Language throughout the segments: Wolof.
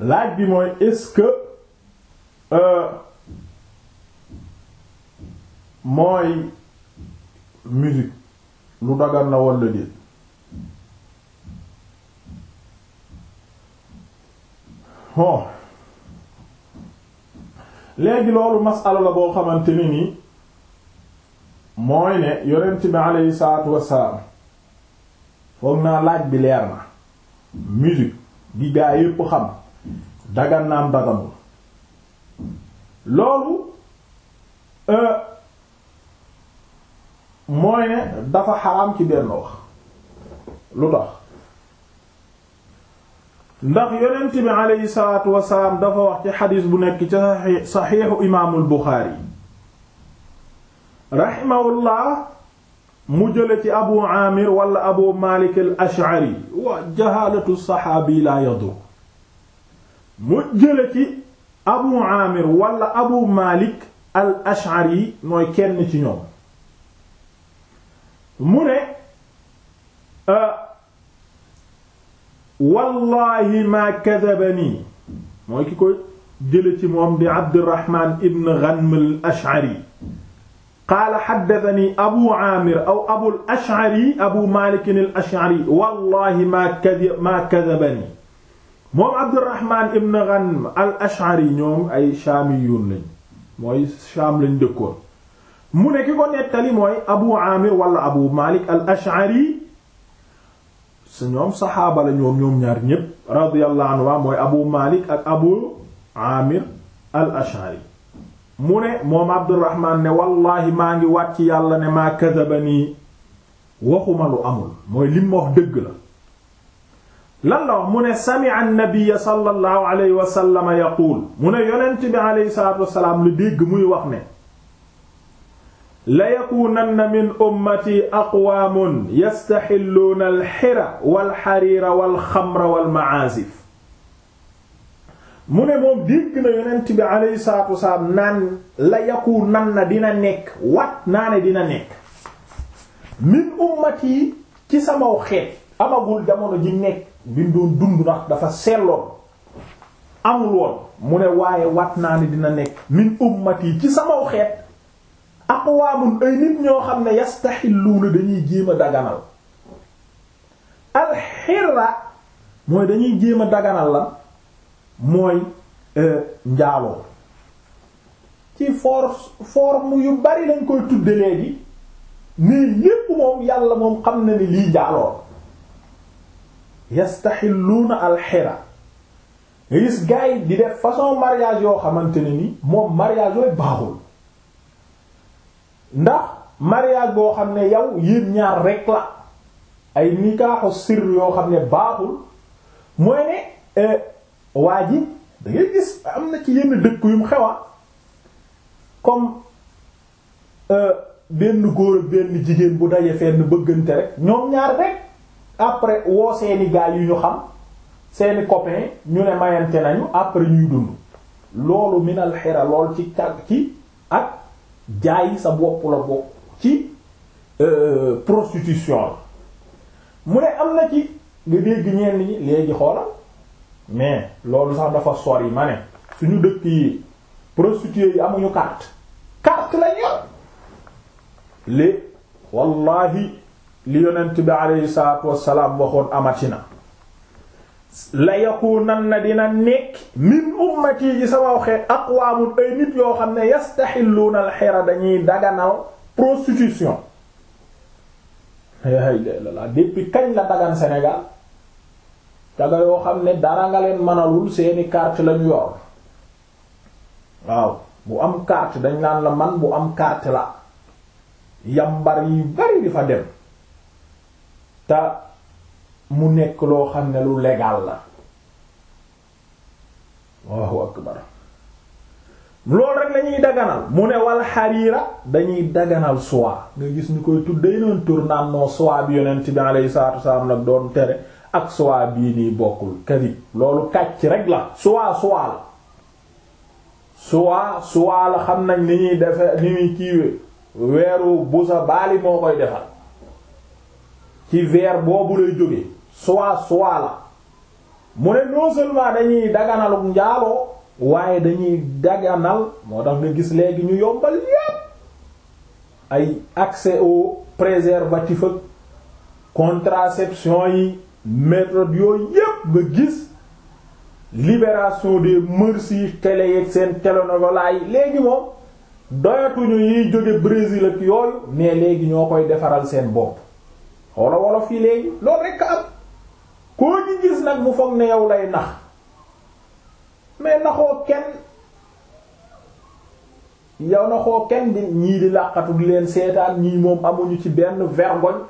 laaj bi mooy est-ce que euh, mooy musique lu dagan na walla déet bon léegi loolu masala la boo xamante ni nii mooy ne yonent bi aleyhi salaatu wassalaam foog naa laaj bi leer na musique gi yépp xam dagan naam daganul loolu euh, mooy ne dafa xaraam ci benn wax lu tax ndax yonent bi aleyhi salaatu wasalaam dafa wax ci xadiis bu nekk ci saxiixu imaamul Buxaari raximahullah mu jële ci abu amir wala abu malik al ash'ari wa jahalatu saxaabi la yadur mu jële ci abu amir wala abu malik al ash'ari mooy kenn ci ñoom mu ne ah, wallahi ma kadabani mooy ki ko jële ci moom di abdirahman ibn ghanm al ash'ari qaala haddathani abu amir aw abu al ash'ari abu malik al ash'ari wallahi ma kadabani moom Abdurrahman ibn Ghanm al-Ash'ari ñoom ay Shaamiyuun lañ mooy Shaam lañ dëkkoon mu ne ki ko nettali mooy Abu Amir wala Abu Malik al-Ash'ari su ñoom saxaaba la ñoom ñoom ñaar ñépp radiyallahu anhu mooy Abu Malik ak Abu Amir al-Ash'ari mu ne moom Abdurrahman ne wallahi maa ngi wàcc yàlla ne maa kadabani waxuma lu amul mooy lim ma wax dëgg la lan mu ne sami'a an-nabiy sallallahu alayhi wa sallam bi alayhi salaatu wassalaam lu dégg muy wax ne la yakuunanna min ummati aqwaamun yastaxilluuna alxira walxariira walxamra walmacaazif mu ne moom dégg na yonent bi alayhi salaatu wassalaam naan la yakuunanna dina nekk wat naa dina nekk min ummati ci samaw xeet amagul jamono ji nekk bi dund ndax dafa selloon amul mu ne waaye wat naa ni dina nekk min yi ci samaw xeet aqwaamun ay nit ñoo xam ne yastaxilluuna dañuy jéem a daganal mooy dañuy jéem a daganal lan mooy euh, njaaloo ci force forme yu bari lañ koy tudde léegi mais lépp moom yàlla moom xam na ni lii njaaloo yastaxilluuna alxira nga gis gars yi di def façon mariage yoo xamante ni moom mariage yooyu baaxul ndax mariage boo xam ne yow yéen ñaar rek la ay nikaaxu sir yoo xam ne baaxul mooy ne euh, waa ji gis am na ci yenn dëkk yum xewa comme euh, benn góor benn jigéen bu daje fenn bëggante rek ñoom ñaar rek après woo seeni gaay yu ñu xam seeni copain ñu ne mayante nañu après ñuy dund loolu minal xira lool ci càgg ci ak jaay sa bopp la bokk ci euh, prostitution la mu ne am na ci nga dégg ñenn ñi léegi xoolal mais loolu sax dafa sori ma ne suñu dëkk yi prostituées yi amuñu carte carte lañ yor lé wallahi li yonent bi aleyhi salaatu wassalaam waxoon amati na la yakuunanna dina nekk min ummati ji sama waxee aqwaamun ay nit yoo xam ne yastaxilluuna alxira dañuy daganal prostitution hay kañ la dagan senegal daga yoo xam ne dara nga leen mënalul seeni carte lañu yor waaw bu am carte dañ naan la man bu am carte la yambar yi bari di fa dem te mu nekk loo xam ne lu légal la Allahu akbar loolu rek lañuy daganal mu ne wal xariira dañuy daganal soie nga gis ñu koy tuddee noonu tur naan noo soie bi yonent bi alayhi salaatu wasalaam nag doon tere ak soie bii nii bokkul kadib loolu kàcc rek la soie soie la soie soie la xam nañ ni ñuy defe ni ñuy kiiwe weeru busa baali moo koy defal ci verbe boobu lay jóge soit soit la mu ne non seulement dañuy daganaluk njaaloo waaye dañuy daganal moo tax nga gis léegi ñu yombal yépp ay accès au préservatif ak contraception yi méthode yooyu yépp nga gis libération des mœurs yi télé seen télénovela yi léegi moom doyatuñu yiy jóge Brésil ak yooyu mais léegi ñoo koy defaral seen bopp xoola wolof yi léegi loolu rekk am koo ñi gis nag mu foog ne yow lay nax mais naxoo kenn yow naxoo kenn ñii di làqatu di leen seetaan ñii moom amuñu ci benn vergogne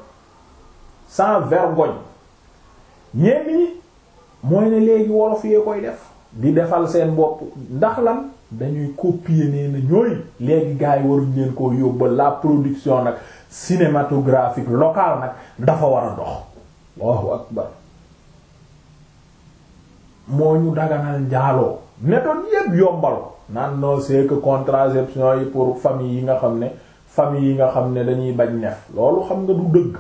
sans vergoñ ñeen yi mooy ne léegi wolof yee koy def di defal seen bopp ndax lan dañuy copier nee na ñooy léegi gars yi waruñ leen koo yóbbal la production nag cinématographique locale nag dafa war a dox moo ñu daganal njaaloo méthode yépp yombal naan non c'est que contraception yi pour famille yi nga xam ne famille yi nga xam ne dañuy bañ nef loolu xam nga du dëgg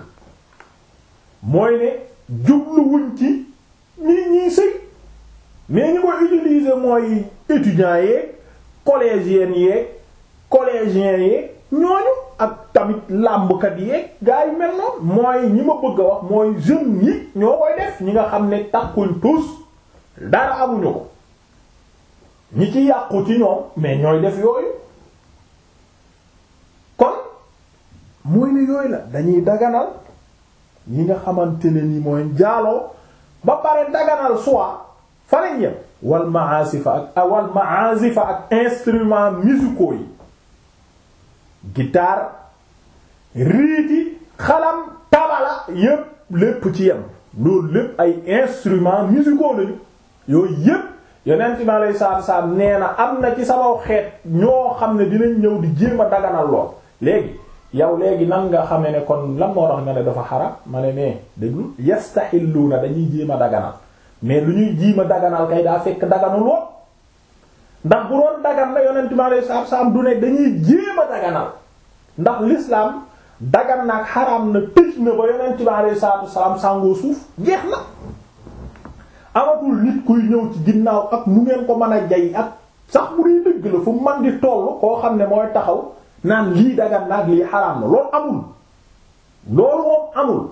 mooy ne jubluwuñ ci ñii ñii sëy mais ñu koy utiliser mooy étudiants yeeg collégiens yeeg collégiens yeeg ñooñu ak tamit làmbkat yeeg gars yi mel noonu mooy ñi ma bëgg a wax mooy jeunes yi ñoo koy def ñi nga xam ne takkuñ tous dara amuñu ko ñi ci yàqu ci ñoom mais ñooy def yooyu kon mooy ne yooyu la dañuy daganal yi nga xamante ne ni mooy njaaloo ba pare daganal soit fanañ yem wal maasifa ak wal maasifa ak instruments musicaux yi gitaar riiti xalam tabala yépp lépp ci yem loolu lépp ay instruments musicaux lañu yooyu yépp yonent bi alayhi salaatu salaam nee na am na ci sama xeet ñoo xam ne dinañ ñëw di jéem a daganal lool léegi yow léegi nan nga xamee ne kon lan moo tax nga ne dafa xaram ma ne nee déglu yastaxilluuna dañuy jéem a daganal mais lu ñuy jiima daganal kay daa fekk daganul ndax bu doon dagan na yonent bi alayhi salaatu du ne dañuy jéem a daganal ndax l'islam dagan na xaraam na tëj na ba yonent bi sàngoo suuf jeex na amatul nit kuy ñëw ci ginnaaw ak mu ngeen ko mën a jay ak sax bu dee dëgg la fu man di toll koo xam ne mooy taxaw naan lii dagan na ak lii xaraam na loolu amul loolu moom amul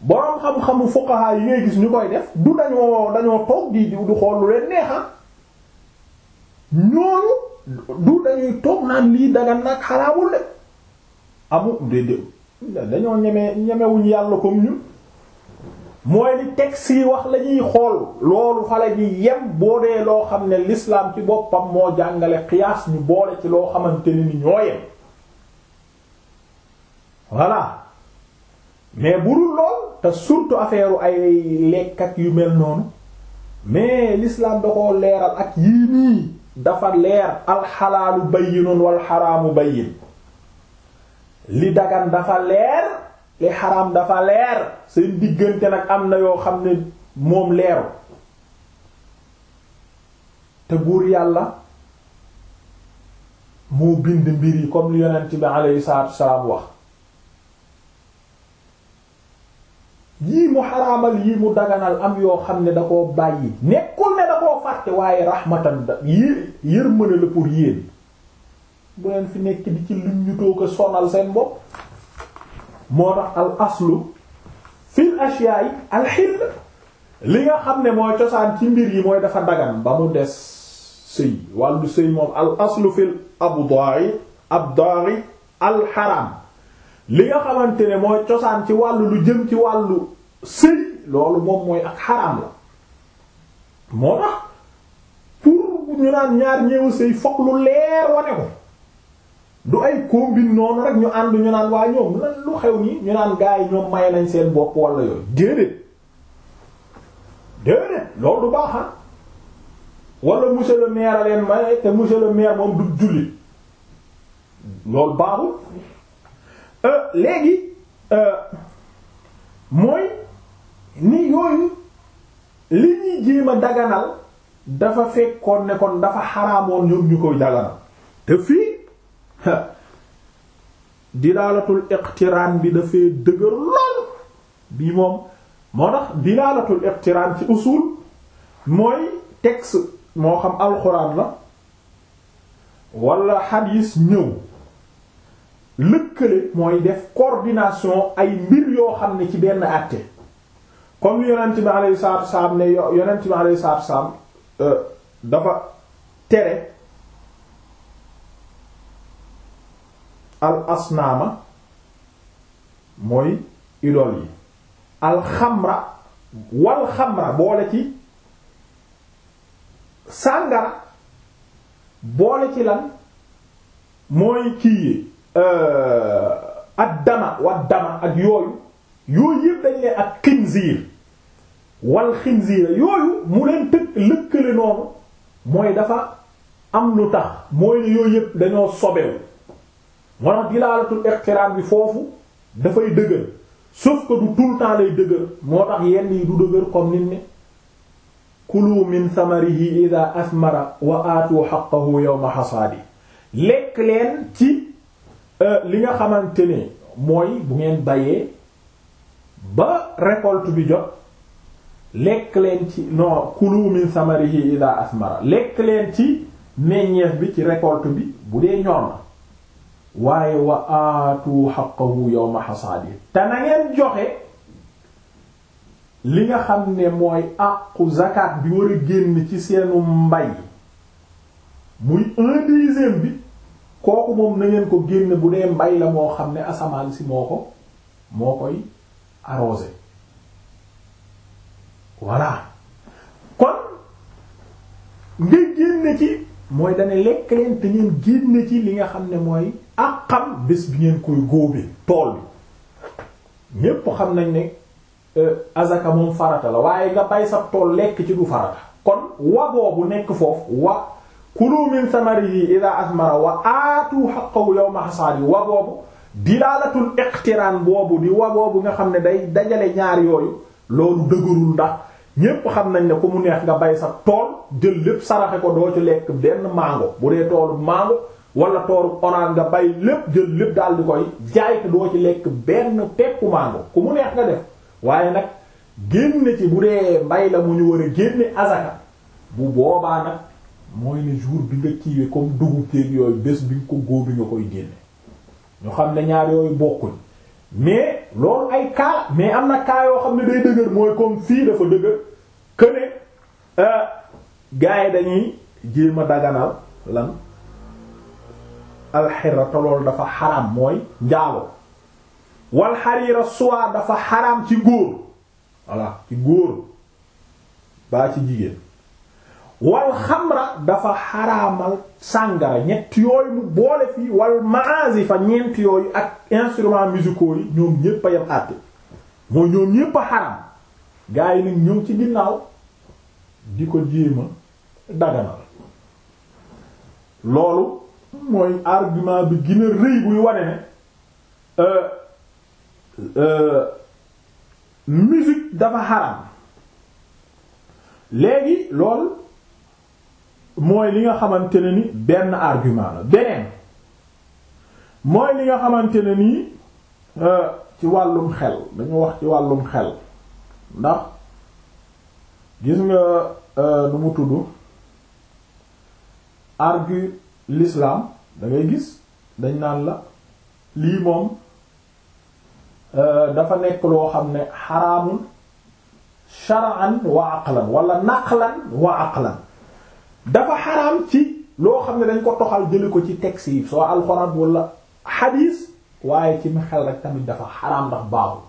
boroom xam-xamu fuqaha yi ngay gis ñu koy def du dañoo dañoo toog di du xool lu leen neexa ah. ñooñu du dañuy toog naan lii dagan nag xaraamul de amul déedéet dañoo ñeme ñemewuñ yàlla comme ñun mooy li texte yi wax lañuy xool loolu xale la ñuy yem boo dee loo xam ne lislaam ci boppam moo jàngale qiyaas ñu boole ci loo xamante ni ni ñoo yem voilà mais bu dul lool te surtout affaire ay lekk ak yu mel noonu mais l'islam da ko leeral ak yii nii dafa leer alxalaalu bayyinun wal xaraamu bayyin li dagan dafa leer li xaraam dafa leer seen diggante nag am na yoo xam ne moom leeru te buur yàlla moo bind mbir yi comme li yonent bi alayhi salaatu salaam wax yii mu xaraamal yii mu daganal am yoo xam ne da koo bàyyi nekkul fàtte waaye rahmatan da yé yërmande la pour yéen bu leen fi nekk di ci lim ñu ko sonal seen bopp moo tax al aslu fil ashiyaay al xill li nga xam ne mooy cosaan ci mbir yi mooy dafa dagan ba mu des sëy wàllu sëy moom al aslu fil abdari abdari al xaraam li nga xamante ne mooy cosaan ci wàllu lu jëm ci wàllu sëy loolu moom mooy ak xaraam la moo tax ñu naan ñaar ñeewu sëy fokk lu leer wane ko du ay combine noonu rek ñu ànd ñu naan waa ñoom lan lu xew nii ñu naan gaa yi ñoom may nañ seen bopp wala yooyu déedéet déedéet loolu du baax ah. wala monsieur le maire a leen may te monsieur le maire moom du julli loolu baaxul euh, léegi euh, mooy ni yooyu li ñuy jéem daganal dafa fekkoon ne kon dafa xaraamoon ñoom ñu koy daganal te fii dilaalatul iqtiraan bi dafay dëgër lool bii moom moo tax dilaalatul iqtiraan ci usul mooy texte moo xam alxuraan la wala xadiis ñëw lëkkale mooy def coordination ay mbir yoo xam ne ci benn àtte comme yonent bi alayhi salaatu salaam ne yonent bi alayhi salaatu salaam Euh, dafa tere al asnaama mooy idol yi al xamra boole ci sàngara boole ci lan mooy kii euh, ak dama ak yooyu yooyu yëpp dañ ak xinziir wal xinziira yooyu mu leen tëkk lëkkale noonu mooy dafa am lu tax mooy ne yooyu yëpp dañoo sobewu moo tax dilaalatul iqtiraan bi foofu dafay dëgër sauf que du tout le temps lay dëgër moo tax yenn yi du dëgër comme nit ne kulu min samarihi ida asmara wa aatu xaqahu yawma xasaadi lekk leen ci euh, li nga xamante ne mooy bu ngeen bayee ba récolte bi jot lekk leen ci non kulu min samarihi ida asmara lekk leen ci meññeef bi ci récolte bi bu dee ñor na waaye wa aatu yow yawma hasaadi te na joxe li nga xam ne mooy àqu zakat bi war génn ci seenu mbay muy un bi kooku moom na ngeen ko génn bu dee mbay la moo xam ne asamaan si moo ko moo koy arrosé voilà kon ngay génne ci mooy dana lekk leen te ngeen génne ci li nga xam ne mooy ak xam bés bi ngeen koy góobee tool bi ñépp xam nañ ne euh, azaka moom farata la waaye nga bay sa tool lekk ci du farata kon wa boobu nekk foofu wa kulu min samarihi ida asmara wa aatu haqqahu yawma hasaadi wa boobu dilaalatul iqtiraan boobu di wa boobu nga xam ne day dajale ñaar yooyu loolu dëgërul ndax ñépp xam nañ ne ku mu neex nga bay sa tool jël lépp saraxe ko doo ci lekk benn mango bu dee toolu mango wala toolu orange nga bay lépp jël lépp daal koy jaay te doo ci lekk benn peppu mango ku mu neex nga def waaye nag génn ci bu dee mbay la mu ñu war a génne azaka bu boobaa nag mooy ne jour bi nga kiiwee comme dugub teeg yooyu bés bi nga ko góobi nga koy génne ñu xam ne ñaar yooyu bokkuñ mais loolu ay cas mais am na kaa yoo xam ne day dëgër mooy comme fii dafa dëgër que ne euh, gars yi dañuy jéem a daganal lan alxira te dafa xaram mooy njaalo wal xariira suwaa dafa xaram ci góor voilà ci góor baa ci jigéen wal xamra dafa xaraamal sàngara ñett yooyu mu boole fi wal maazi fa ñeent yooyu ak instruments musicaux yi ñoom ñépp a àtte mooy ñoom ñépp a gaa yi nag ñëw ci ginnaaw di ko jéema daganal loolu mooy argument bi gën a rëy buy wane ne euh, euh dafa xaraam léegi loolu mooy li nga xamante ne ni benn argument la beneen mooy li nga xamante ne nii euh, ci wàllum xel dañu wax ci wàllum xel ndax gis nga euh, nu mu tudd argu l'islam dangay ngay gis dañ naan la lii moom euh, dafa nekk loo xam ne xaraamul shar'an wa walla wala naqlan wa aqlan dafa xaraam ci loo xam ne dañ ko toxal jëli ko ci texte yi soo alxuraan wala xadiis waaye ci xel rek tamit dafa xaraam ndax baaxul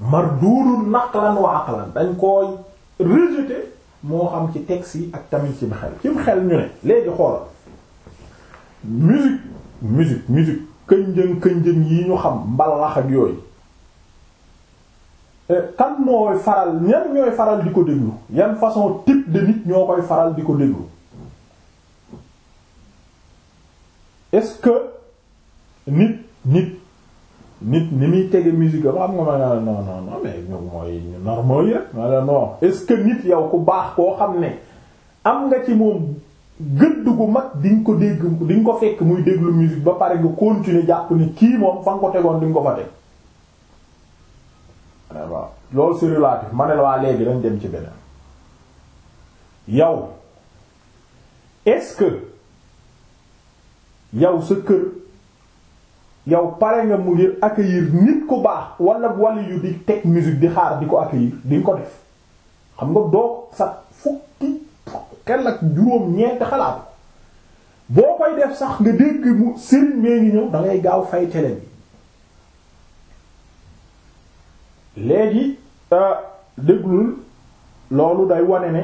marduudun naqlan wa aqlan dañ koo rejeté moo xam ci texte yi ak tamit ci xel ci mu xel ñu ne léegi xoolal musique musique musique kënjën kënjën yi ñu xam mbalax ak yooyu Euh, kan mooy faral ñan ñooy faral di ko déglu yan façon type de nit ñoo koy faral di ko déglu est-ce que nit nit nit ni muy tege musique am xam nga ma non non mooy normal yi rek ma est-ce que nit yow ku baax koo xam ne am nga ci moom gëdd gu mag di nga ko dégg di nga ko fekk muy déglu musique ba pare nga continuer jàpp ne kii moom fa nga ko tegoon di nga ko fa teg waaw loolu c'est ma la waa léegi dañ dem ci beneen yow est-ce que yow sa kër yow pare nga mu ngir accueillir nit ku baax wala wàllu yu di teg musique di xaar di ko accueillir di ko def xam nga doo sax fukki kenn ak juróom ñeent xalaat boo koy def sax nga dégg mu sëriñ mee ngi ñëw da gaaw fay télé bi léegi déglul loolu day wane ne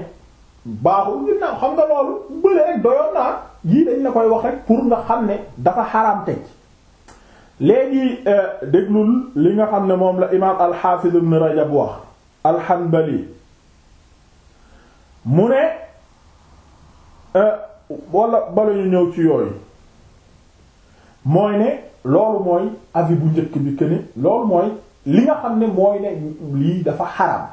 baaxul ginnaaw xam nga loolu bële rek doyoon naa yii dañ la koy wax rek pour nga xam ne dafa xaraam teg léegi euh, déglul li nga xam ne moom la imaam alxaafiz ibn rajab wax alxanbali mu ne euh, wala bala ñëw ci yooyu mooy ne loolu mooy avis bu njëkk bi que loolu mooy li nga xam ne mooy ne lii dafa xaram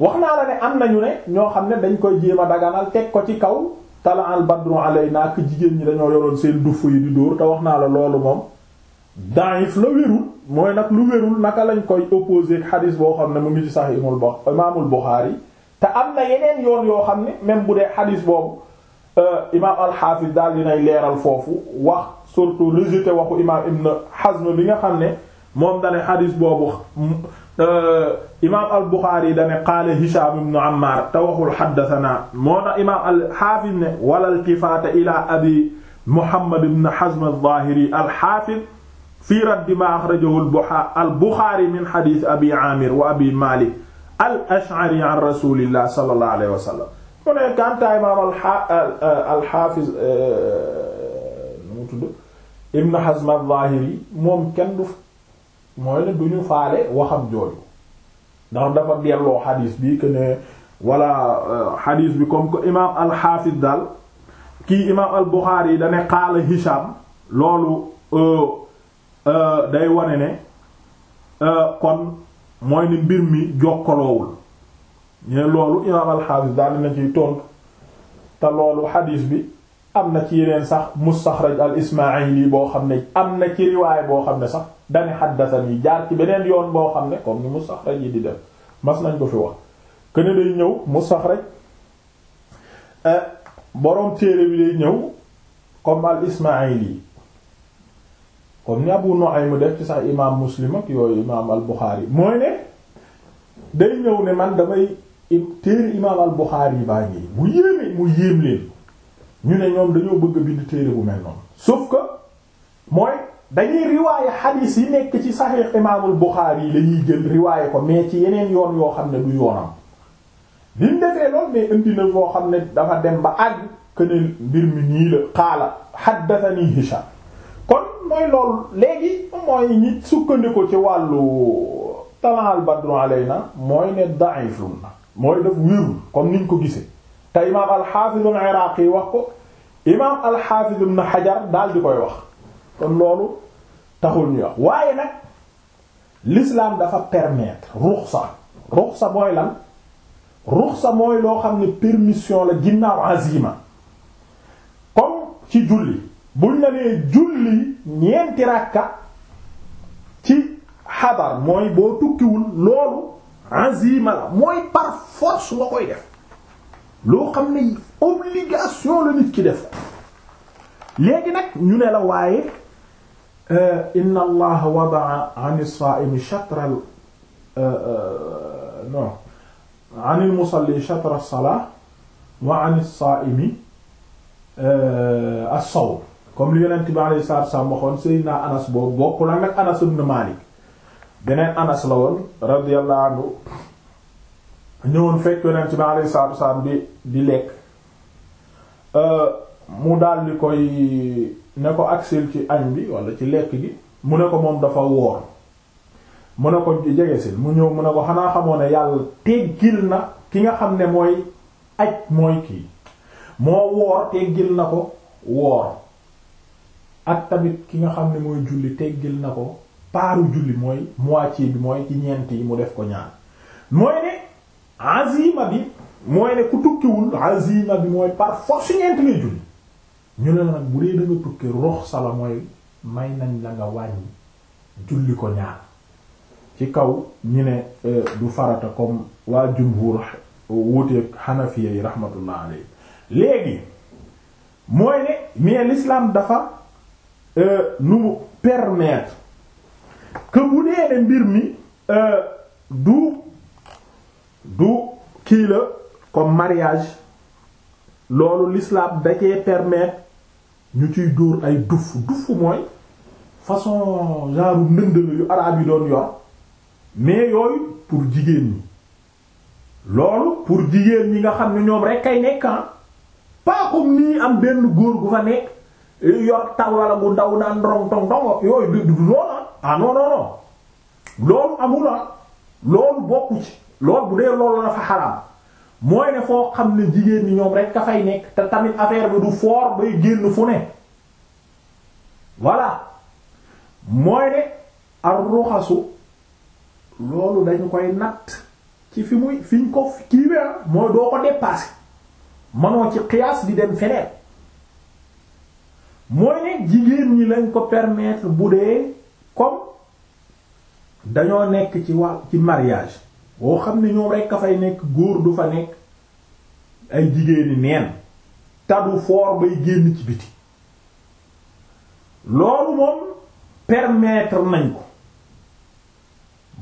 wax naa la ne am nañu ne ñoo xam ne dañ koy jéem a daganal teg ko ci kaw tala al badru alayna ak jigéen ñi dañoo yoroon seen duff yi di dóor te wax naa la loolu moom daif la wérul mooy nag lu wérul naka lañ koy opposé ak xadis boo xam ne mu ngi sax imul bo imaamul Buxaari te am na yeneen yoon yoo xam ne même bu dee xadis boobu euh, imaam alxaafis daal dinay leeral foofu wax surtout rejeté waxu imaam Ibn Hazm nga xam ne moom dane xadis boobu euh, imaam al Buxaari dane qaala Hicham ibn Ammaar te waxul xaddasanaa moo tax imaam al xaafis ne wala iltifaata ila abi Muhammad ibn Hazm az-Zaahiri al xaafis fii raddi maa axrajahu al Buxaari min xadis abi Aamir wa abi Maalik al Ash'ari an rasuulillah sallallahu alayhi wa sallam. mu ne Kantaa imaam al xaafis euh, nu mu tudd Ibn Hazm az-Zaahiri moom kenn du. mooy ne du ñu faale waxam jooju ndax dafa delloo xadiis bi que ne wala euh, xadiis bi comme que imaam al daal kii imaam al-Bukhari yi dane qaala Hisham loolu euh, euh, day wane ne kon mooy ni mbir mi jokkaloowul ñe loolu imaam al-Hafiz daal na ciy te loolu xadiis bi am na ci yeneen sax mustaxraj al-Ismaa'ili boo xam ne am na ci riwaay boo xam ne sax dani yi jaar ci beneen yoon boo xam ne comme ni mustaxraj yi di def mas nañ ko fi wax këne day ñëw mustaxraj euh, boroom téere bi day ñëw comme al ismaayili comme ni Abu Nu'aym mu def ci sax imaam muslim ak yooyu imaam al buxaari mooy ne day ñëw ne man damay téere imaam al buxaari baa ngi bu yéeme mu yéem leen ñu ne ñoom dañoo bëgg a bind téere bu mel noonu sauf que mooy dañuy riwaaye xadiis yi nekk ci saxiix imaamul Buxaari yi lañuy jël riwaaye ko mais ci yeneen yoon yoo xam ne du yoonam bi defee lool mais indi na boo xam ne dafa dem ba àgg këneel mbir mi nii la xaala xaddatani Hisham kon mooy lool léegi mooy ñi sukkandiku ci wàllu talaal badru alayna mooy ne da'ifun na mooy def wérul comme niñ ko gise te imaam al-Hafiz al-Iraqi wax ko imaam al-Hafiz daal di koy wax kon loolu taxul ñu wax waaye nag l'islam dafa permettre ruxsa ruxsa mooy lan ruxsa mooy loo xam ne permission la ginnaaw azima comme ci julli buñ la nee julli ñeenti ràkka ci xabar mooy boo tukkiwul loolu azima la mooy par force nga koy def loo xam ne obligation la nit ki def léegi nag ñu ne la waaye Eh, inna allaha wadaa an as-saa'imi shatra eh, eh, non an al-musalli shatra as-salaa wa an as-saa'imi as-sawm comme li yonent bi alayhi salaatu wa salaam waxoon Seydina Anas boobu bokkul ak nag Anas ibn Maalik beneen Anas la woon radiyallahu anhu ñëwoon fekk yonent bi alayhi salaatu wa salaam di di lekk mu daal di koy ne ko agsil ci añ bi wala ci lekk gi mu ne ko moom dafa woor mu ne ko jege mu ñëw mu a ko xanaa xamoo ne yàlla teggil na ki nga xam ne mooy aj mooy kii moo woor teggil na ko woor ak tamit ki nga xam ne mooy julli teggil na ko paaru julli mooy moitié bi mooy ci ñeent yi mu def ko ñaar mooy ne azima bi mooy ne ku tukkiwul azima bi mooy par force ñeent ngay julli ñu ne la nag bu dee da nga tukki rox sala mooy may nañ la nga wàññi julli ko ñaar ci kaw ñu ne euh, du farata comme waa jumhur wuuteeg xanafiya yi rahmatullah alayhi léegi mooy ne mais l'islam dafa euh, nu mu permettre que bu ne mbir mi euh, du du kii la comme mariage loolu l'islam da permetre ñu ciy dóor ay duff duff mooy façon genre ndënd la yu araab yi doon yor mais yooyu pour jigéen ñi loolu pour jigéen ñi nga xam ne ñoom rek ay nekka ah. pas comme nii am benn góor gu fa nekk yor taw wala bu ndaw naan ndorong tong tong yooyu du loolu ah, ah non loolu amul ah. loolu bokku ci loolu bu dee loolu la fa xaraam. mooy ne foo xam ne jigéen ñi ñoom rek ka nekk te tamit affaire bi du foor bay génn fu ne voilà mooy ne ar ruxasu loolu dañu koy natt ci fi muy fi ñu ko kiiwee ah mooy doo ko dépasser manoo ci qiyaas di dem feneen mooy ne jigéen ñi lañ ko permettre bu dee comme dañoo nekk ci wa ci mariage boo xam ne ñoom rekk a fay nekk góor du fa nekk ay jigéeni neen tadu foor bay génn ci biti loolu moom permettre nañ ko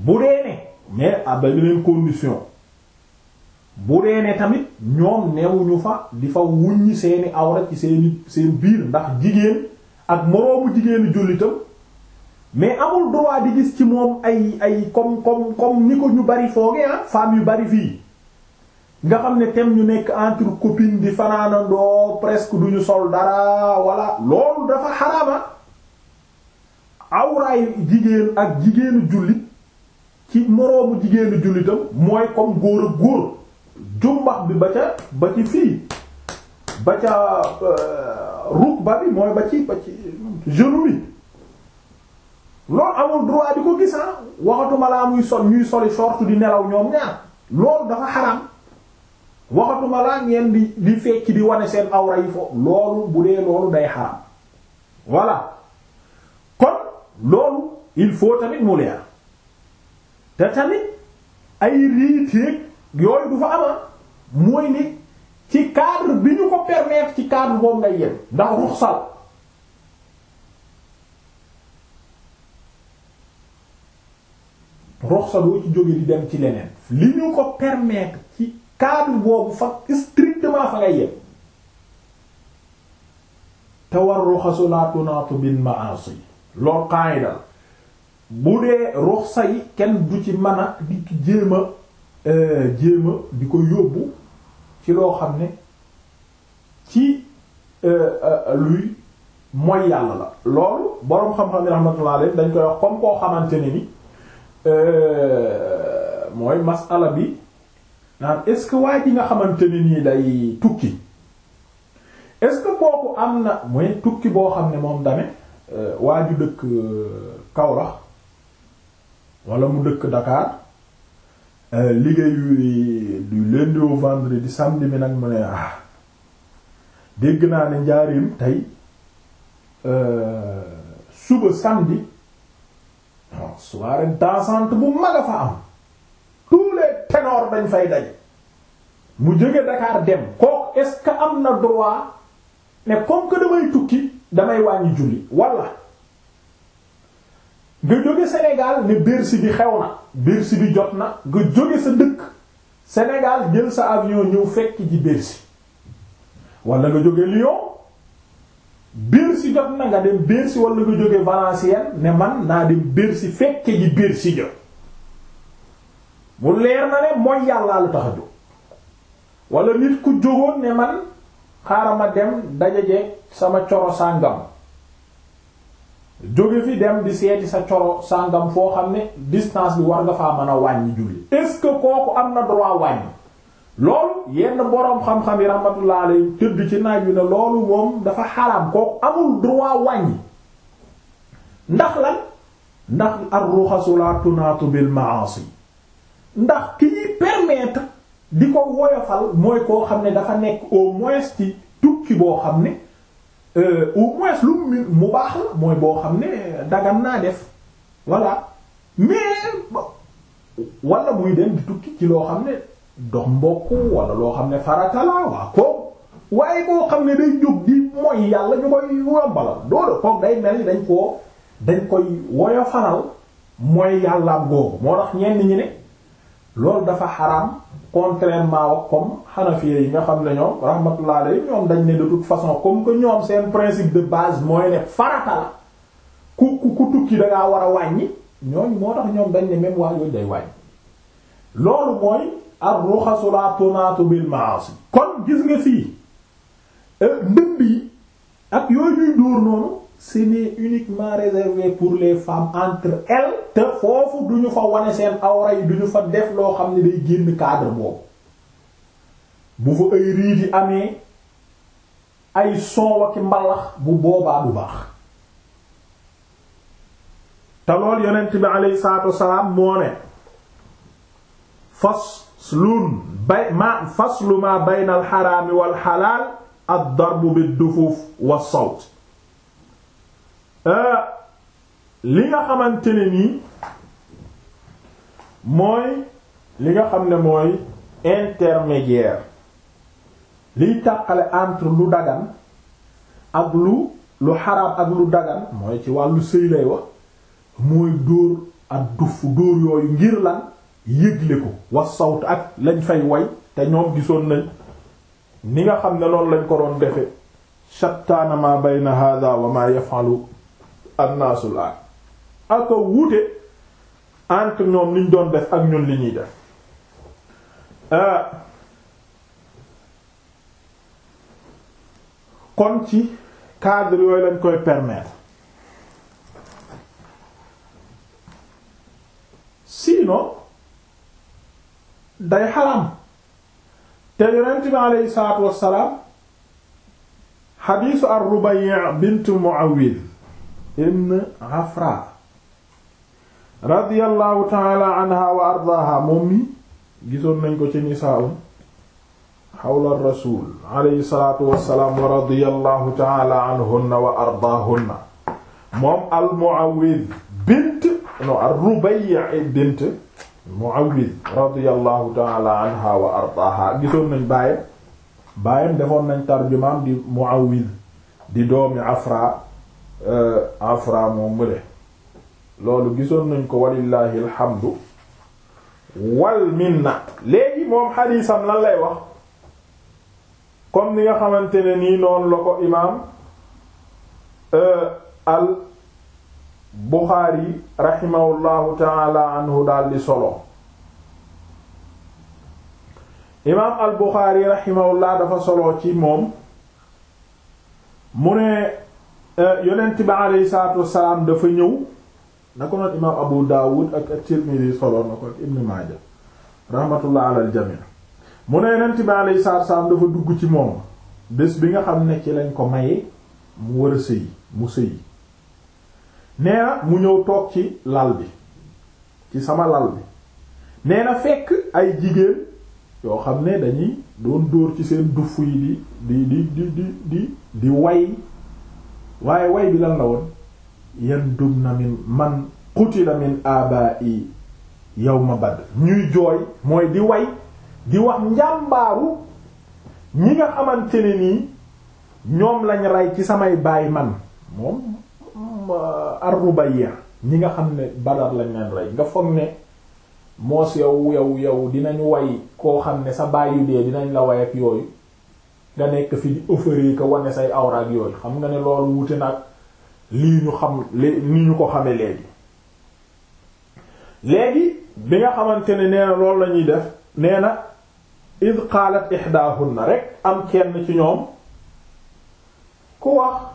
bu dee ne mais à condition bu dee tamit ñoom newuñu fa di fa wuññi seeni awra ci seeni seen biir ndax jigéen ak moroomu jigéenu jullitam mais amul droit di gis ci moom ay ay comme comme ni ko ñu bari fooge ah yu bari fii nga xam ne tem ñu nekk entre copines di fanaanandoo presque duñu sol dara walla loolu dafa xaraama ah. awraay jigéen ak jigéenu jullit ci moroomu jigéenu jullitam mooy comme góor ak góor jumbax bi ba ca ba ci fii ba ca euh, rukba bi mooy ba ci ba ci genou loolu amul droit di ko gis ah waxatuma laa muy sol ñuy soli short di nelaw ñoom ñaar loolu dafa xaraam waxatuma laa ngeen di di fecc di wane seen awra yi fo loolu bu dee loolu day xaraam voilà kon loolu il faut tamit mu leer te tamit ay riiteeg yooyu du fa ama ah. mooy ni ci cadre bi ñu ko permettre ci cadre boobu ngay yem ndax ruxsal roxsa doo ci jóge di dem ci leneen li ñu ko permettre ci cadre boobu fa strictement fa ngay yem te war ruxasu laa tunaatu bil ma'asi lool qaida la bu dee ruxsa yi kenn du ci mën a di ci jéem a euh, di ko yóbbu ci loo xam ne ci euh, euh, luy mooy yàlla la loolu boroom xam-xam yi rahmatullah dañ koy wax comme koo xamante ne ni Euh, mooy masala bi naan est-ce que waa ji nga xamante ne nii day tukki est-ce que am na mooy tukki boo xam ne moom dame euh, waa ju dëkk euh, Kaolack wala mu dëkk Dakar liggéey du lundi au vendredi samedi mi nag mu ne ah dégg naa ne njaarim tey suba samedi waaw soirée dansante bu mag a fa am tous les ténors fay daj mu jóge Dakar dem kooku est-ce que am na droit ne comme que damay tukki damay wàññi julli walla nga jóge Sénégal ne Bercy bi xew na Bercy bi jot na nga jóge sa dëkk Sénégal jël sa avion ñëw fekk ji Bercy walla nga jóge Lyon Bercy jot na nga dem si walla nga jóge Valenciennes ne man naa dem Bercy fekke ji Bercy jot mu leer na ne mooy yàllaa lu tax a jóg wala nit ku jógoon ne man xaaral ma dem dajaje sama coro sàngam jóge fi dem di seeti sa coro sàngam foo xam ne distance bi war nga faa mën a wàññi julli est-ce que kooku am na droit wàññi loolu yenn boroom xam-xam yi rahmatullah alayhi tëdd ci naaj wi ne loolu moom dafa xaraam kooku amul droit wàññi ndax lan ndax ar-ruxasu la bil ma'asi ndax ki ñuy permettre di ko woyofal mooy koo xam ne dafa nekk au moins ci tukki boo xam ne euh, au moins lu mu baax la mooy boo xam ne dagan naa def voilà mais wala muy dem di tukki ci loo xam ne dox mbokk wala loo xam ne farata la waa ko waaye boo xam ne day jóg di mooy yàlla ñu koy yombalal doodo koog day mel ni dañ koo dañ koy woyo faral mooy yàllaam googu moo tax ñenn ñi ne loolu dafa xaraam contrairement wax comme xanafiya yi nga xam ne ñoom rahmatullah alayhi ñoom dañ ne de toute façon comme que ñoom seen principe de base mooy ne farata ku ku ku tukki da war a wàññi ñooñ moo tax ñoom dañ ne même wax yooyu day wàññi loolu mooy ar-ruxasu la tunaatu bil ma'asi kon gis nga fii ndënd euh, yi ak yooyu dóor noonu ce uniquement réservé pour les femmes entre elles te foofu duñu fa wane seen awra yi duñu fa def loo xam ne day génn cadre boobu bu fa ay riit yi amee ay soow ak mbalax bu boobaa bu baax te lool yonent bi alayhi salaatu wassalaam moo ne fas lu bay ma faslu ma bayna alxaraami walxalaal addarbu biddufuuf wassawt euh, li nga xamante ne nii mooy li nga xam ne mooy intermédiaire liy tàqale entre lu dagan ak lu lu xaraam ak lu dagan mooy ci wàllu sëy lay wax mooy dóor ak duf dóor yooyu ngir la yëgle ko wax sawt ak lañ fay woy te ñoom gisoon nañ ni nga xam ne loolu lañ ko doon defe shattaana ma bayna hadha wa ma yafalu annaasul an aka wuute entre ñoom liñ doon def ak ñun li ñuy def ah. kon ci cadre yooyu lañ koy permettre sino day xaram te yonent bi aleyhi salaatu wassalaam xadiisu ar-Rubayyi bint Muawwiz ibn Afra radiyallahu taala anha wa ardaaha moom mi gisoon nañ ko ci nisaa'um xawla rasuul aleyhi salaatu wassalaam wa radiyallahu taala anhunna wa ardaahunna moom al Muawwiz bint no ar-Rubayyi bint Muawwiz radiyallahu taala anha wa ardaaha gisoon nañ baayam baayam defoon nañ tarjumaam di Muawwiz di doomi Afra euh, Afra moom mële loolu gisoon nañ ko walillahi alhamdu wal minna léegi moom xadiisam lan lay wax comme ni nga xamante ne nii noonu la ko imaam euh, al Buxaari raximahullahu taala anhu di solo imaam al Buxaari raximahullah dafa solo ci moom mu ne eh, yonent bi aleyhi salaatu wassalaam dafa ñëw na ko noon imaam Abu Daawud ak at-Tirmidhi solo na ko ak Ibn Maaja raxmatullah ala al mu ne yonent bi aleyhi salaatu dafa dugg ci moom bés bi nga xam ne ci lañ ko maye mu war a sëy mu sëy nee mu ñëw toog ci lal bi ci sama lal bi nee fekk ay jigéen yoo xam ne dañuy doon dóor ci seen duff yi di di di di di di way waaye way bi lan la woon yan dum na min man qutila min abai yawma Badr ñuy jooy mooy di way di wax njàmbaaru ñi nga xamante ne nii ñoom lañ rey ci samay baay man moom ñoom euh, Ar-Rubayya ñi nga xam ne Badar lañ leen rey nga foog ne moos yow yow yow dinañu way koo xam ne sa bàyyi dee dinañ la way ak yooyu nga nekk fi di ëffëree ko wane say awra ak yooyu xam nga ne loolu wuute nag lii ñu xam li ñu ko xame léegi léegi bi nga xamante ne nee na loolu lañuy def nee na id qaalat na rekk am kenn ci ñoom ku wax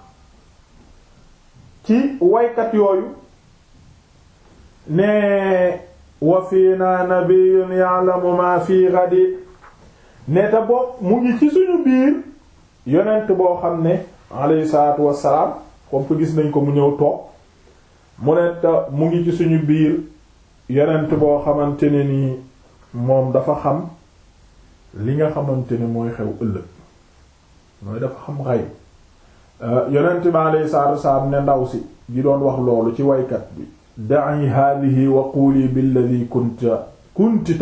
ci waykat yooyu ne wa fiina yàlla ya'lamu ma fi ghadi ne te mu ngi ci suñu biir yonent boo xam ne alayhi salaatu wassalaam comme ko gis nañ ko mu ñëw toog mu ne mu ngi ci suñu biir yonent boo xamante ne ni moom dafa xam li nga xamante ne mooy xew ëllëg mooy dafa xam xay Euh, yonent bi alayhi salaatu wasalaam ne ndaw si ji doon wax loolu ci waykat bi da'i haadihi wa quuli billadi kunta kunti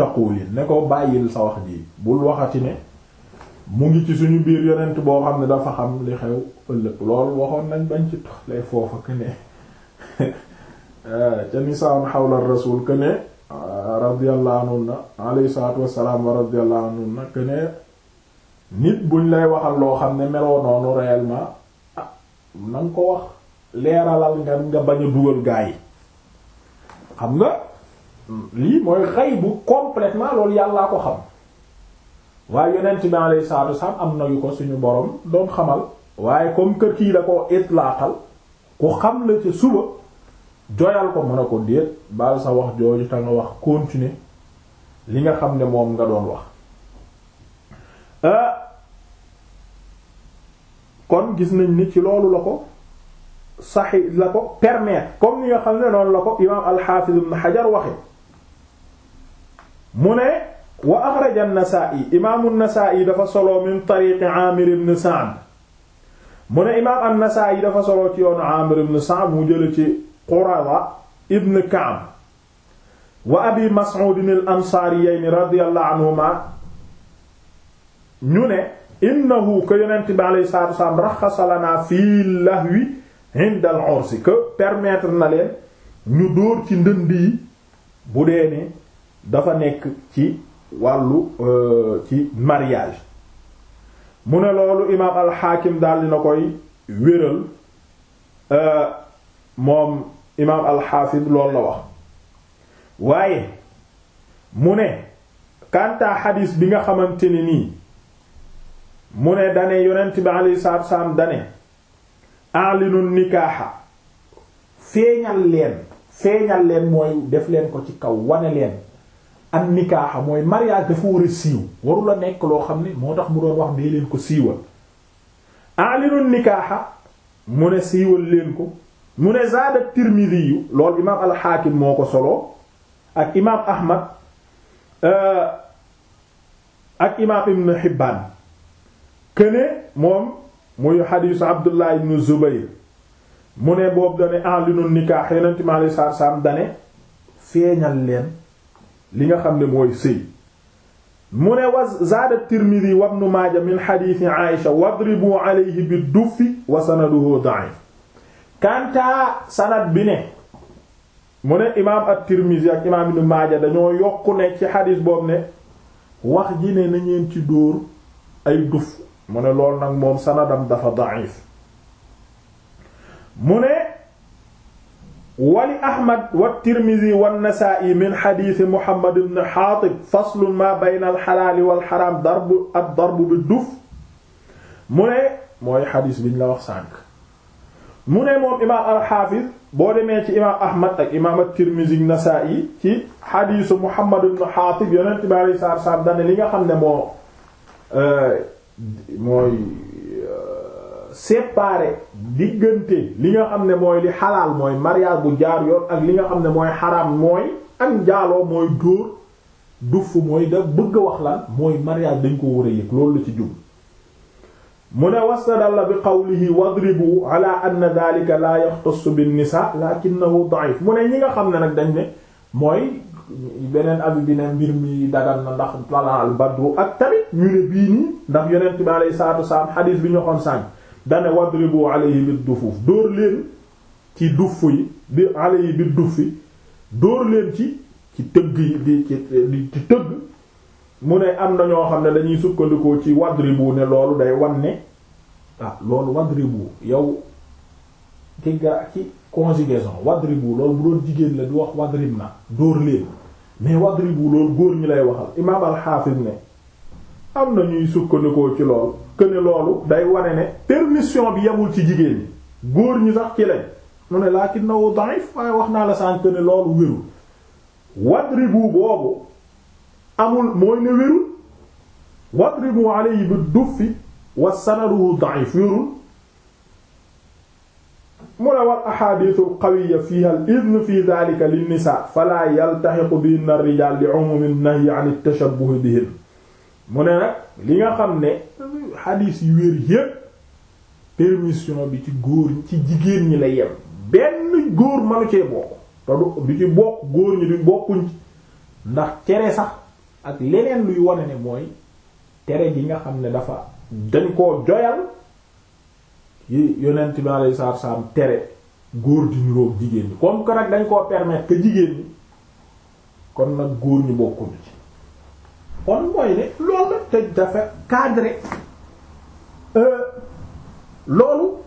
ne ko bàyyil sa wax ji bul waxati ne mu ngi ci suñu biir yonent boo xam ne dafa xam li xew ëllëg lool waxoon nañ bañ ci toxlee foofa que ne euh, ca nisaan xawla rasul que ne euh, radiyallahu anhu na alayhi salaatu wasalaam wa radiyallahu anhu na que ne nit buñ lay waxal loo xam ne meloo noonu réellement na nga ko wax leeralal nga nga bañ a dugal gaa yi xam nga lii mooy bu complètement loolu yàllaa ko xam waaye yonent bi alayhi salaatu wasalaam am na yu ko suñu borom doon xamal waaye comme kër kii da ko itlaaxal ku xam la ca suba joyal ko mën a ko déet baal sa wax jooju te nga wax continuer li nga xam ne moom nga doon wax euh, kon gis nañ ni ci loolu la ko saxi la ko permettre comme ni nga xam ne noonu la ko imaam al-Hafiz ibn Hajar waxe mu ne wa axraja an-Nasa'i imaamu an-Nasa'i dafa solo min tariqi Amir ibn Sa'd mu ne imaam an-Nasa'i dafa solo ci yoonu Amir ibn Sa'd mu jële ci Qurawa ibn Ka'b wa abi Mas'ud al-Ansariyayni radiyallahu anhuma ñu ne innahu que yonent bi alayhi salaatu wasalaam raxasa lanaa fii lahwi inda al-ursi que permettre na leen ñu dóor ci ndënd yi bu dee ne dafa nekk ci wàllu euh, ci mariage mu ne loolu imaam alxaakim daal dina koy wéral euh, moom imaam alxaafid loolu la wax waaye mu ne kantaa xadiis bi nga xamante ni nii mu ne dane yonent bi alayhi salaatu wa salaam alinu nikaaxa feeñal leen feeñal leen mooy def leen ko ci kaw wane leen an nikaaxa mooy mariage dafa war a siiw warula nekk loo xam ne moo tax mu doon wax dee leen ko siiwal alinu nikaaxa mu ne siiwal leen ko mu ne zaada tirmidi yu loolu imaam alxaakim moo ko solo ak imaam ahmad euh, ak imaam ibn Hibbaan këne moom muy xadiisu Abdullah ibn Zubayr mu ne boobu dane alinu nikaax yonent mi alayhi dane feeñal leen li nga xam ne mooy sëy mu ne wa zaada Tirmidhi wa Ibn Maaja min xadiisi Aïsha wadribu alayhi bi duffi wa sanaduhu da'if kantaa sanad bi ne mu ne imaam at-Tirmidhi ak imaam Ibn Maaja dañoo yokk ne ci xadiis boobu ne wax ji ne na ci dóor ay duf mu ne loolu nag moom sanadam dafa da'if mu ne wali ahmad wa tirmidhi wa nasaa'i min xadiisi muhammad ibn xaatib faslun ma bayna alxalaali walxaraam darbu ad darbu bi duf mu ne mooy xadiis biñ la wax sànq mu ne moom imaam alxaafiz boo demee ci imaam ahmad ak imaam at-tirmidhi nasaa'i ci xadiisu muhammad ibn xaatib yonent bi alayhi salaatu wa salaam dane li nga xam ne moo euh, mooy euh, séparer diggante li nga xam ne mooy li xalaal mooy mariage bu jaar yoon ak li nga xam ne mooy xaraam mooy ak njaaloo mooy dóor duf mooy da bëgg wax la mooy mariage dañ ko war a yëg loolu ci jub mu ne wastadalla bi qawlihi wadribu ala anna dhalika la yaxtassu bin nisa lakinnahu da'if mu ne ñi nga xam ne nag dañ ne mooy beneen abi bi ne mbir mi dagan na ndax talaal badru ak tamit ñu ne bii nii ndax yonent bi alayhi salaatu wasalaam xadiis bi ñu waxoon sànq dane wadribu alayhi bid dufuuf dóor leen ci duff yi bi alayhi bid dufi dóor leen ci ci tëgg yi di ci ci tëgg mu ne am na ñoo xam ne dañuy sukkandikoo ci wadribu ne loolu day wan ne ah loolu wadribu yow ki ga ci conjugaison wadribu loolu bu doon jigéen la du wax wadrib na dóor mais wadribu loolu góor ñi lay waxal imaam alxaafis ne am na ñuy sukkandikoo ci lool que loolu day wane ne permission bi yamul ci jigéen ñi góor ñi sax ci lañ mu ne lakinnahu da'if waaye wax naa la sànq que ne loolu wérul wadribu boobu amul mooy ne wérul wadribu alayhi bi duffi wa sanaduhu da'if wérul mu ne wal axaadiisu alqawiya fiha al idn fi dalika linnisaa falaa yaltaxiqu bihin ar-rijaal li umuumi nahyi an at-tashabbuh bihin mu ne nag li nga xam ne xadiis yu wér yépp permission bi ci góor ci jigéen ñi la yem benn góor manu cee bokk te du ci bokk góor ñi duñ bokkuñ ndax cere sax ak leneen luy wone ne mooy cere gi nga xam ne dafa dañ koo joyal yi yonent bi alayhi salaatu salaam tere góor di niroog jigéen ñi comme que nag dañ koo permettre que jigéen ñi kon nag góor ñu bokkul ci kon mooy ne loolu la te dafa cadré euh, loolu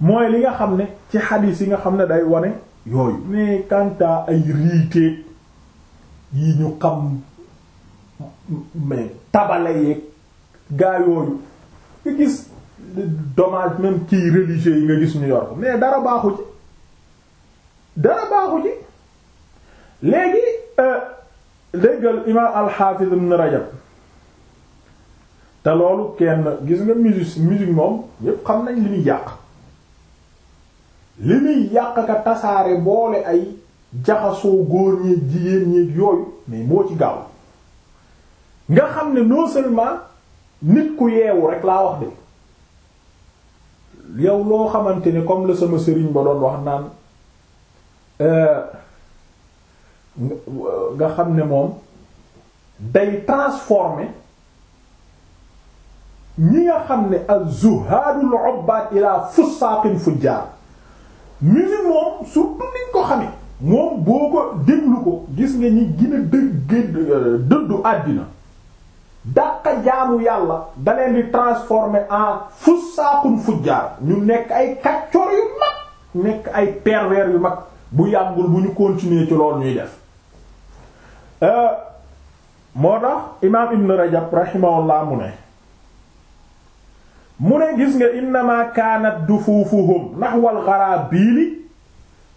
mooy li nga xam ne ci xadiis yi nga xam ne day wane yooyu mais kanta ay riiteeg yi ñu xam mais tabale yeeg gaa yooyu nga gis dommage même kii religieux yi nga gis ñu yor mais dara baaxu ci dara baaxu ci léegi euh, déggal imaam al-Hafiz ibn Rajab te loolu kenn gis nga musique musique moom yépp xam nañ li muy yàq li muy yàq ka tasaare boole ay jaxasoo góor ñeeg jigéen ñeeg yooyu mais moo ci gaaw nga xam ne non seulement nit ku yeewu rek laa wax de yow loo xamante ni comme la sama sëriñ ba doon wax naan euh, nga xam ne moom day transformer ñi nga xam ne az-zuhaadul ubbaad ilaa fussaaqin fujjaar musique moom surtout niñ ko xamee moom boo ko déglu ko gis nga ñi gën dëgg dëddu àddina dàqa jaamu yàlla da leen di transformer en fussaaqun fujjaar ñu nekk ay kaccoor yu mag nekk ay pervers yu mag bu yàggul bu ñu continuer ci loolu ñuy def euh, moo tax imaam ibn rajab rahimahullah mu ne mu ne gis nga innama kaanat dufuufuhum nahwal gharaabili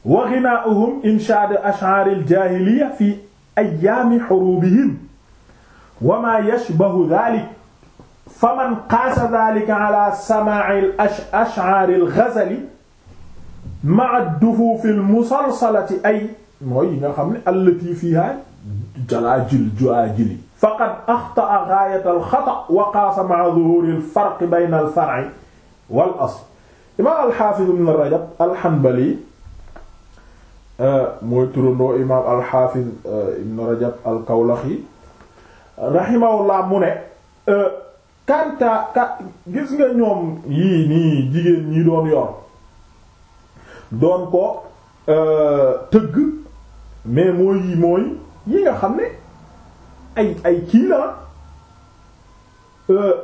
wa ghinaa'uhum inshaad ash'aar al fi ayyaami huruubihim wa maa yashbahu dhalik fa man qaasa dhalika ala samaa'i al-ash'ari al-ghazali ma'a ad-dufuuf al-musalsalati ay mooy yi nga xam ne allati fiiha jalaajil jawaajili faqad axta'a ghaayata al-khata' wa qaasa ma'a dhuhuuri al-farq bayna al-far'i wal asl imaam al-haafiz ibn rajab al-hanbali eh, mooy turandoo imaam al-haafiz eh, ibn rajab al-kawlaxi rahimahullah mu ne euh, kanta ka gis nga ñoom yii nii jigéen ñi doon yor doon ko euh, tëgg mais mooy yi mooy yi nga xam ne ay ay kii la euh,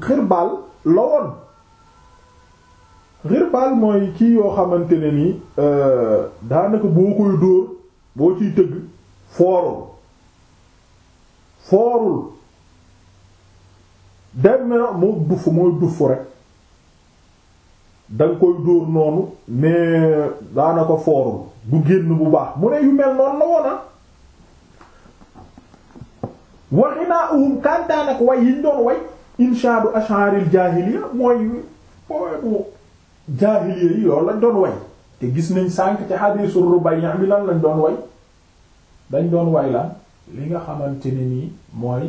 xirbaal la woon xirbaal mooy kii yoo xamante ne ni daanaka boo koy dóor boo ciy tëgg fooroon foorul dem na moo duff mooy duff rek danga koy dóor noonu mais daanaka foorul du génn bu baax mu ne yu mel noonu la woona ah. waxi naa uhum kàntaan ak way yiñ doon way inshaadu ashaaril jaahiliya mooy poème jaahiliya yi loolu lañ doon way te gis nañ sànk ci hadiisu Rubayya bi lan lañ doon way dañ doon way lan li nga xamante ni nii mooy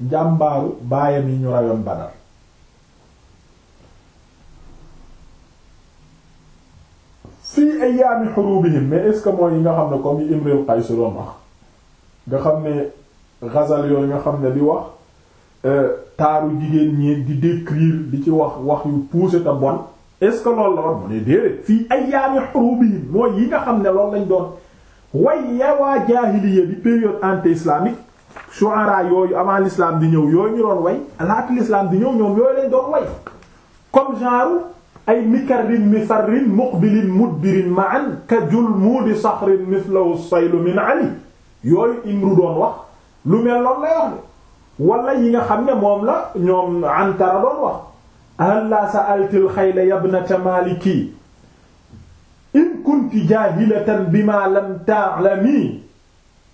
njàmbaaru baayam yi ñu rayoon Badar fii ayyaami hurubihim mais est-ce que mooy yi nga xam ne comme yi Imrul Qays doon wax nga xam ne ghazal yooyu nga xam ne li wax euh, taaru jigéen ñi di décrire di ci wax wax yu poussé te bon est-ce que la woon mu ne déedéet fii ayyaami hurubihim mooy yi nga xam ne lool lañ doon wayya waa jaahiliya bi période anti-islamique shu'ara yooyu avant l'islam di ñëw yooyu ñu doon way laata l'islam di ñëw ñoom yooyu lañ doon way comme genre ay mikarrin mifarrin muqbilin mudbirin ma'an ka julmuudi saxrin mithlahu saylu min ali yooyu imru doon wax lu mel noonu lay wax de yi nga xam ne moom la ñoom antara doon wax hal la sa'altil xayla yabnata maliki kunti jaahilatan bima lam ta'lami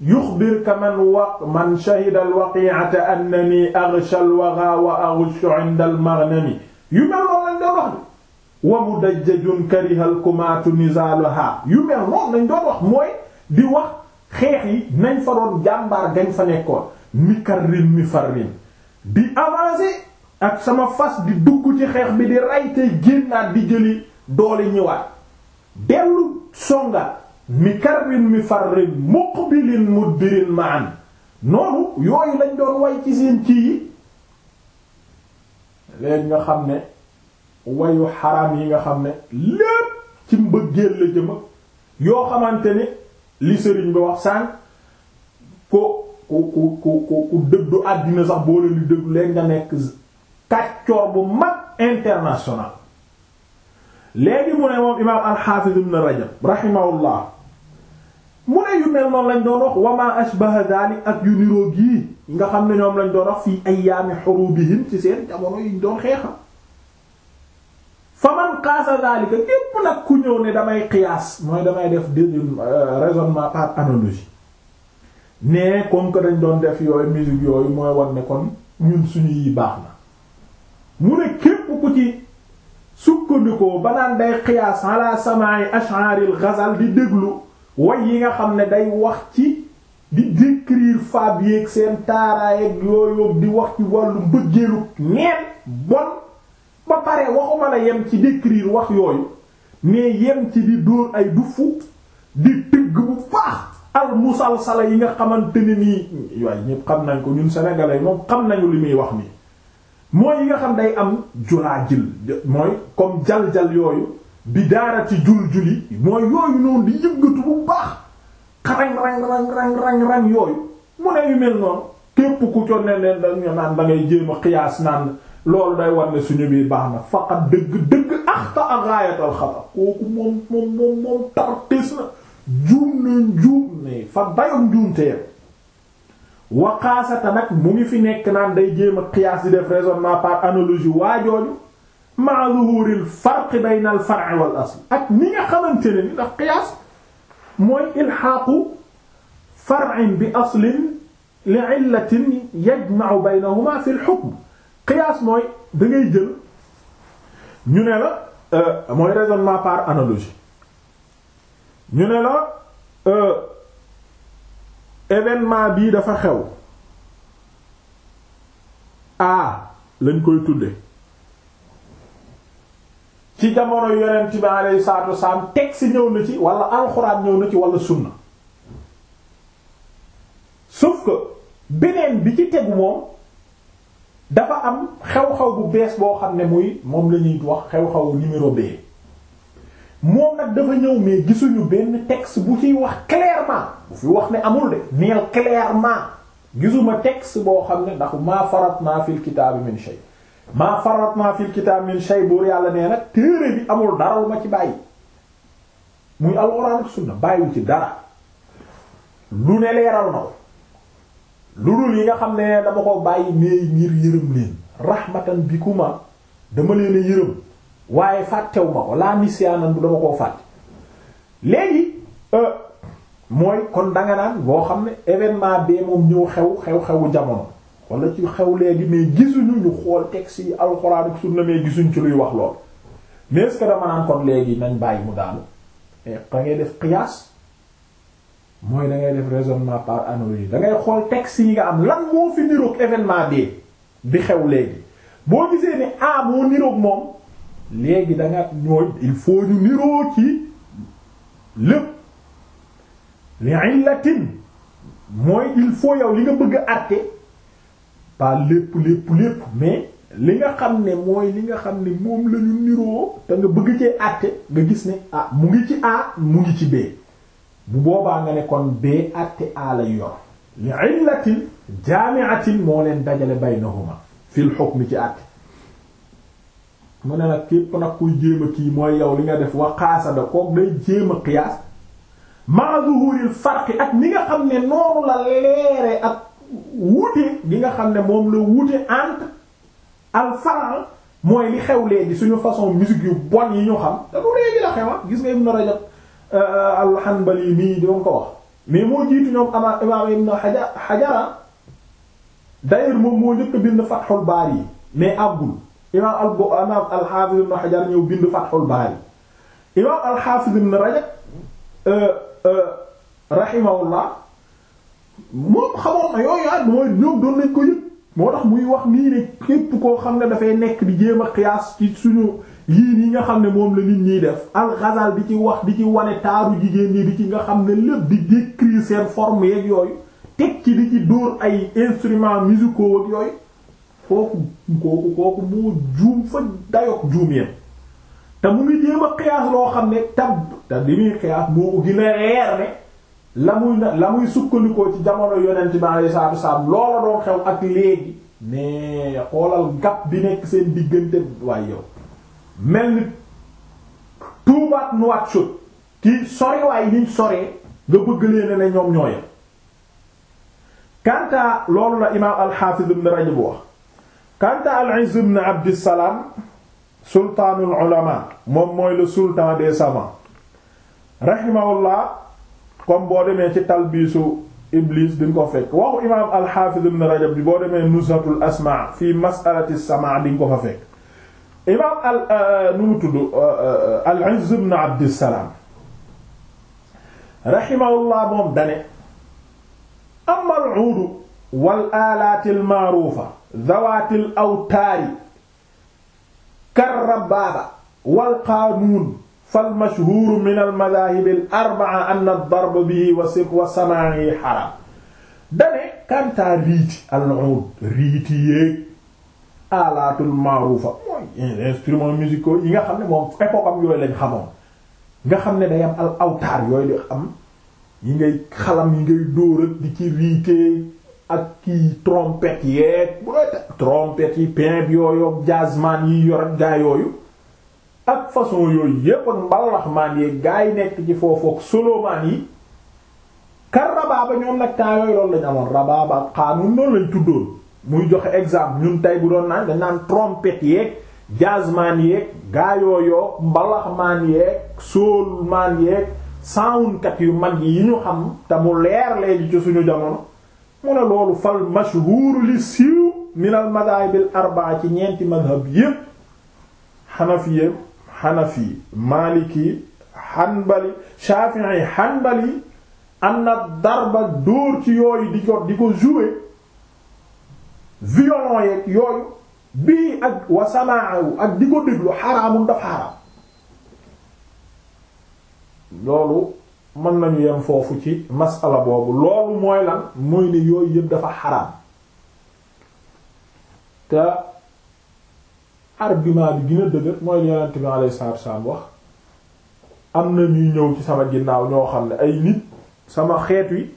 yuxbirka man waq man shahida alwaqi'ata annani aghsha alwagha wa aghshu 'inda almaghnami yu mel noonu lañ doon wax ni wa mudajjajun kariha alkumaatu nizaaluha yu mel noonu lañ doon wax mooy di wax xeex yi nañ fa doon jàmbaar gañ fa nekkoon mi karrin mi farrin di avancer ak sama fas di dugg ci xeex bi di rey tey génnaat di jëli doole ñëwaat dellu songa mi karrin mi farrin muqbilin mudbirin ma'an noonu yooyu lañ doon way ci seen kii yi léegi nga xam ne wayu xaraam yi nga xam ne lépp ci mbëggeel la jëma yoo xamante ni li sëriñ bi wax sànq ko ku ku ku ku ku dëddu àddina sax boo leen di dëddu léegi nga nekk kàccoor bu mag international léegi mu ne moom imaam alxaafiz ibn rajab rahimahullah mu ne yu mel noonu lañ doon wax wama ashbaha daalik ak yu niroog yi nga xam ne ñoom lañ doon wax fii ayaami xurubihim ci seen jamono yiñ doon xeexam fa man qaasa daalika képp nag ku ñëw ne damay qiyaas mooy damay def déedéet euh, raisonnement par analogie mais comme que dañ doon def yooyu musique yooyu mooy wan ne kon ñun suñu yi baax na mu ne képp ku ci sukkandikoo ba naan day xiyaas ala samaa'i ash'aril di déglu way yi nga xam ne day wax ci di décrire faab yeeg seen taaraay ak yooyu di wax ci wàllu mbëggeelu neen bon ba pare waxuma la yem ci décrire wax yooyu mais yem ci di dóor ay dufu di tëgg bu baax al musalsala yi nga xamante ne nii waaye ñépp xam nañ ko ñun sénégalais moom xam nañu li muy wax nii mooy yi nga xam day am julaa jël mooy comme jal-jal yooyu bi daara ci jul-juli mooy yooyu noonu di yëngatu bu baax xarang rang rang rang yooyu mu ne yu mel noonu képp ku co ne leen dañu naan da ngay jéem xiyaas naan loolu day war ne suñu bi baax na faqat dëgg dëgg axta ak raayatal xata kooku moom moom moom moom tartis na juum na juum ne fa dayom juumtee waqaasata nag mu ngi fi nekk naan day jéem a qiyaas di def raisonnement par analogie waajooju ma zuhuril farq bayna al far' wal asl ak ni nga xamante ne ni ndax qiyaas mooy ilhaaqu far'in bi aslin li illatin yajma'u baynahuma fi al hukm qiyaas mooy da ngay jël ñu ne la euh, mooy raisonnement par analogie ñu ne la euh, événement bii dafa xew a lañ koy tudde ci jamono yonent bi alayhi salaatu wasalaam teg si ñëw na ci wala alxuraan ñëw na ci wala sunna sauf que beneen bi ci tegu moom dafa am xew-xew bu bees boo xam ne muy moom lañuy wax xew-xew numéro B moom nag dafa ñëw mais gisuñu benn texte bu ciy wax clairement bu fi wax ne amul de neel clairement gisuma texte boo xam ne ndax maa faratna fil kitaabi min shay maa faratna fil kitaabi min buur yàlla nee na téere bi amul dara lu ma ci bàyyi muy alxuraan sunna bàyyiwu ci dara lu ne leeral na lu dul yi nga xam ne dama ko bàyyi mais ngir yërëm leen rahmatan bikuma dama leen a yërëm waaye fàttewu ko laa nisyaanan bu dama koo fàtte léegi euh, mooy kon danga naan boo xam ne événement bee moom ñëw xew xew-xewu jamono wala ci xew léegi mais gisuñu ñu xool texte yi alxuraan ak sunna mais gisuñ ci luy wax lool mais est-ce que dama naan kon léegi nañ bàyyi mu daanu da ngay def qiyaas mooy dangay def raisonnement par analogie da ngay xool texte yi nga am lan moo fi niroog événement bee bi xew léegi boo gisee ne a ah, niroog moom léegi da nga ñooy il faut ñu niroo ci lépp li illatin mooy il faut yow li nga bëgg a àtte lépp lépp lépp mais li nga xam ne mooy li nga xam ne moom la niroo te nga bëgg cee àtte nga gis ne ah mu ngi ci A mu ngi ci B bu boobaa nga ne kon B àtte A lay yor li illatin jaami'atin moo leen dajale baynahuma fil hukm ci àtte mu ne nag képp nag kuy jéem a kii mooy yow li nga def wa qaasada kook day jéem a ma zuhuril farqi ak ni nga xam ne noonu la leere ak wuute gi nga xam ne moom la wuute entre al faran mooy li xew léegi suñu façon musique yu bon yi ñu xam te lu léegi la xewa ah, gis nga Ibn Rajab euh, al Hanbali mii doon ko wax mais moo jiitu ñoom ama imam Ibn Hajar ah, moom moo njëkk bind Fathul baar yi mais àggul imam al imam al Hafiz Ibn ñëw bind Fathul Bari yi imam al Hafiz Ibn euh, Euh, rahimahullah moom xamoon na yooyu ah mooy doon nañ ko yëg moo tax muy wax nii ne képp koo xam ne dafay nekk di jéem a xiyaas ci suñu yii yi nga xam ne moom la nit ñiy def al-Ghazal di ci wax di ci wane taaru jigéen ñi di ci nga xam ne lépp di décrire seen forme yeeg yooyu teg ci di ci dóor ay instruments musicaux ak yooyu kooku kooku moo juum fa dayoog juum yéen te mu ngi jéem a loo xam ne tab te li muy xiyaas moo ko gën reer ne la muy sukkandikoo ci jamono yonent bi alayhi salaatu wasallam loola doon xew ak léegi mais xoolal gap bi nekk seen diggante waaye yow mel ni tuubaat nuwaat sut ki sore waaye soree nga bëgg leen ne ñoom ñoo yem loolu la imaam al-Hafiz ibn wax kanta al-Izz Abdissalaam sultaanul ulama moom mooy le sultan des savants rahimahullah comme boo demee ci talbiisu iblis di nga ko fekk waxu imaam alxaafiz ibn rajab bi boo demee nuzhatul asmaa fi masalati samaa di nga ko fa fekk imaam al euh, euh, nu mu tudd euh, al izz ibn abdissalaam rahimahullah moom dane ama al uudu wal alaati al maaruufa dhawaati al awtaari karrabaaba wal qaanuun fal mashhuur min al madaahib al arbaa anna ad-darb bihi wa samaa'i haram dane kantaa riiti al uud riiti yéeg alaatul maaruufa mooy instruments musicaux yi nga xam ne moom époque am yooyu lañ xamoon nga xam ne day am al awtaar yooyu di am yi ngay xalam yi ngay dóorat di ci riitee ak kii trompette yeeg trompette yi pimp yooyu jazzman yi yor gaa yooyu ak façon yooyu yépp ak mbalaxmaan yi gaa yi nekk ci foofu ak solomaan yi kar rabaaba ñoom nag temps yooyu loolu lañ amoon rabaaba ak xaanun noonu lañ tuddoon muy joxe exemple ñun tey bu doon naan dañ naan trompette yeeg jazzman yeeg gaa yooyu mbalaxmaan yeeg soulman yeeg soundkat yu mag yi ñu xam te mu leer léegi ci suñu jamono mu ne loolu fal mashhuur li siiw min al madaahibil arbaa ci ñeenti madhab yépp xanafiye xanafi maaliki xanbali shaafi'i xanbali anna darba dóor ci yooyu di ko di ko jouer violon yeeg yooyu bii ak wa samaahu ak di ko déglu xaraamu dafa xaraam loolu mën nañu yem foofu ci masala boobu loolu mooy lan mooy ne yooyu yëpp dafa xaraam te argument bi gën a dëgër mooy li yonent bi alayhi salaatu wax am na ñuy ñëw ci sama ginnaaw ñoo xam ne ay nit sama xeet wi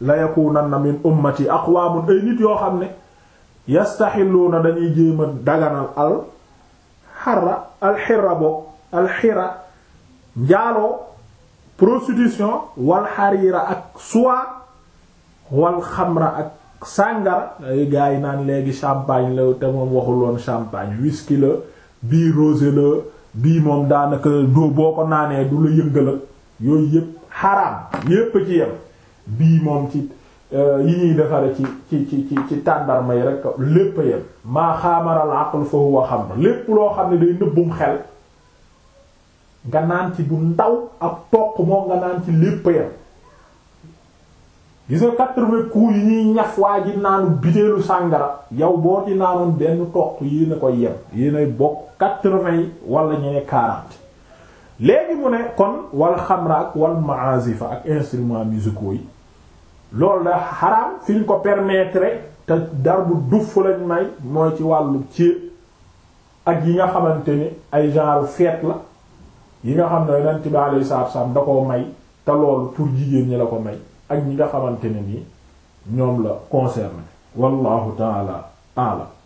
la yakunanna min ummati aqwaamun ay nit yoo xam ne yastaxilluuna dañuy jéem a daganal al xarra alxira bo alxira njaaloo prostitution wal xariira ak soie wal xamra ak sàngara ay gars yi naan léegi champagne la te moom waxul woon champagne whisky la bii rosé la bii moom daanaka doo boo ko naanee du la yëngal yooyu yépp xaraam yépp ci yem bii moom ci euh, yi ñuy defare ci ci ci ci tàndarma yi rek lépp a yem maa xaamaral aql fa huwa xam lépp loo xam ne day nëbbum xel nga naan ci bu ndaw ak toq moo nga naan ci lépp yam gis nga quatre-vingts coups yi ñuy ñaf waa ji naanu biteelu sàngara yow boo ci naanoon benn toq yéen a koy yem yéen ay bokk quatre-vingts yi wala ñu ne quarante léegi mu ne kon wal xamra ak wal maazifa ak instruments musicaux yi loolu da xaraam fi ñu ko permettre te dar bu duf lañ may mooy ci wàllu ceeb ak yi nga xamante ni ay genre fête la yi nga xam ne yonent bi alayhi salaatu salaam da koo may te loolu pour jigéen ñi la ko may ak ñi nga xamante ne nii ñoom la concerné wallahu taala alam